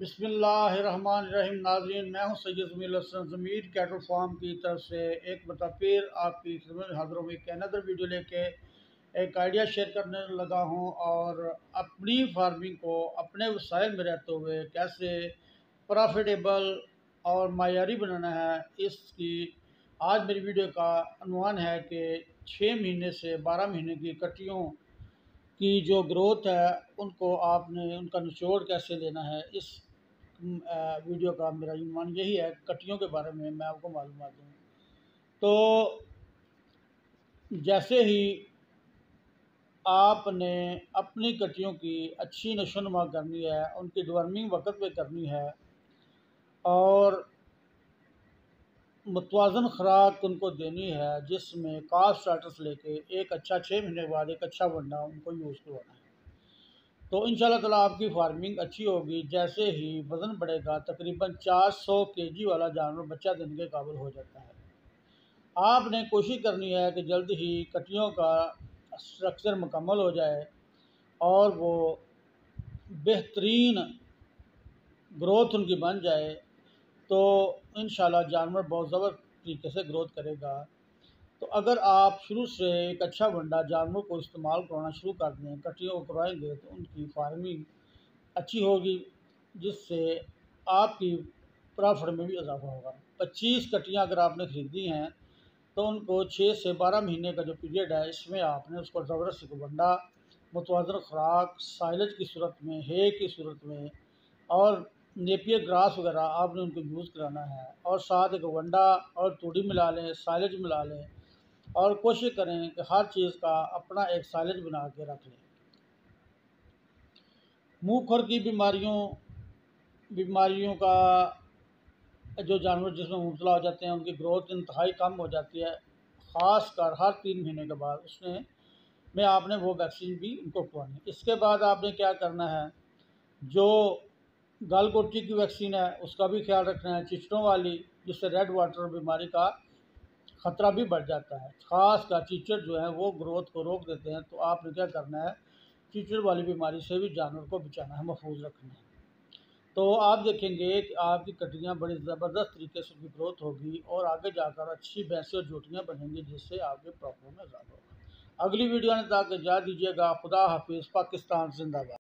बिसमीम नाजरीन मैं हूँ सैयद मिलसन ज़मीर कैटल फार्म की तरफ से एक बता फिर आपकी खिदमत हाजिर हुई एक अनदर वीडियो लेके एक आइडिया शेयर करने लगा हूँ और अपनी फार्मिंग को अपने वसाइल में रहते हुए कैसे प्रॉफिटेबल और मायारी बनाना है इसकी आज मेरी वीडियो का अनुमान है कि छः महीने से बारह महीने की कटियों की जो ग्रोथ है उनको आपने उनका निचोड़ कैसे लेना है इस वीडियो का मेरा यूमान यही है कटियों के बारे में मैं आपको मालूम दूँ तो जैसे ही आपने अपनी कटियों की अच्छी नशोनुमा करनी है उनकी डवर्मिंग वक़्त पे करनी है और मतवाजन खुराक उनको देनी है जिसमें कास्ट स्टार्टस लेके एक अच्छा छः महीने के बाद एक अच्छा बंडा उनको यूज़ करवाना है तो इन ताला आपकी फार्मिंग अच्छी होगी जैसे ही वज़न बढ़ेगा तकरीबन 400 केजी वाला जानवर बच्चा देने के काबिल हो जाता है आपने कोशिश करनी है कि जल्द ही कटियों का स्ट्रक्चर मुकम्मल हो जाए और वो बेहतरीन ग्रोथ उनकी बन जाए तो इन जानवर बहुत ज़बर तरीके से ग्रोथ करेगा तो अगर आप शुरू से एक अच्छा वंडा जानवरों को इस्तेमाल कराना शुरू कर दें कटियों को कराएंगे तो उनकी फार्मिंग अच्छी होगी जिससे आपकी प्रॉफिट में भी इजाफा होगा पच्चीस कटियाँ अगर आपने ख़रीदी हैं तो उनको छः से बारह महीने का जो पीरियड है इसमें आपने उसको ज़बरदस्त एक वंडा मुतवाजर खुराक साइलेज की सूरत में हे की सूरत में और नेपियर ग्रास वगैरह आपने उनको यूज़ कराना है और साथ एक वंडा और तूड़ी मिला लें साइलेज मिला लें और कोशिश करें कि हर चीज़ का अपना एक साइलेंस बना के रख लें मुँह खुर की बीमारियों बीमारियों का जो जानवर जिसमें मुबला हो जाते हैं उनकी ग्रोथ इंतहाई कम हो जाती है ख़ास कर हर तीन महीने के बाद उसमें में आपने वो वैक्सीन भी उनको खुआनी इसके बाद आपने क्या करना है जो गल की वैक्सीन है उसका भी ख्याल रखना है चिचड़ों वाली जिससे रेड वाटर बीमारी का ख़तरा भी बढ़ जाता है खास का कीचड़ जो है वो ग्रोथ को रोक देते हैं तो आपने क्या करना है कीचड़ वाली बीमारी से भी जानवर को बचाना है महफूज रखना है तो आप देखेंगे कि आपकी कटियाँ बड़ी ज़बरदस्त तरीके से उनकी ग्रोथ होगी और आगे जाकर अच्छी भैंसें और जोटियाँ बनेंगी जिससे आपके प्रॉब्लम में ज़्यादा होगा अगली वीडियो में जाकर जा दीजिएगा खुदा हाफिज़ पाकिस्तान जिंदाबाद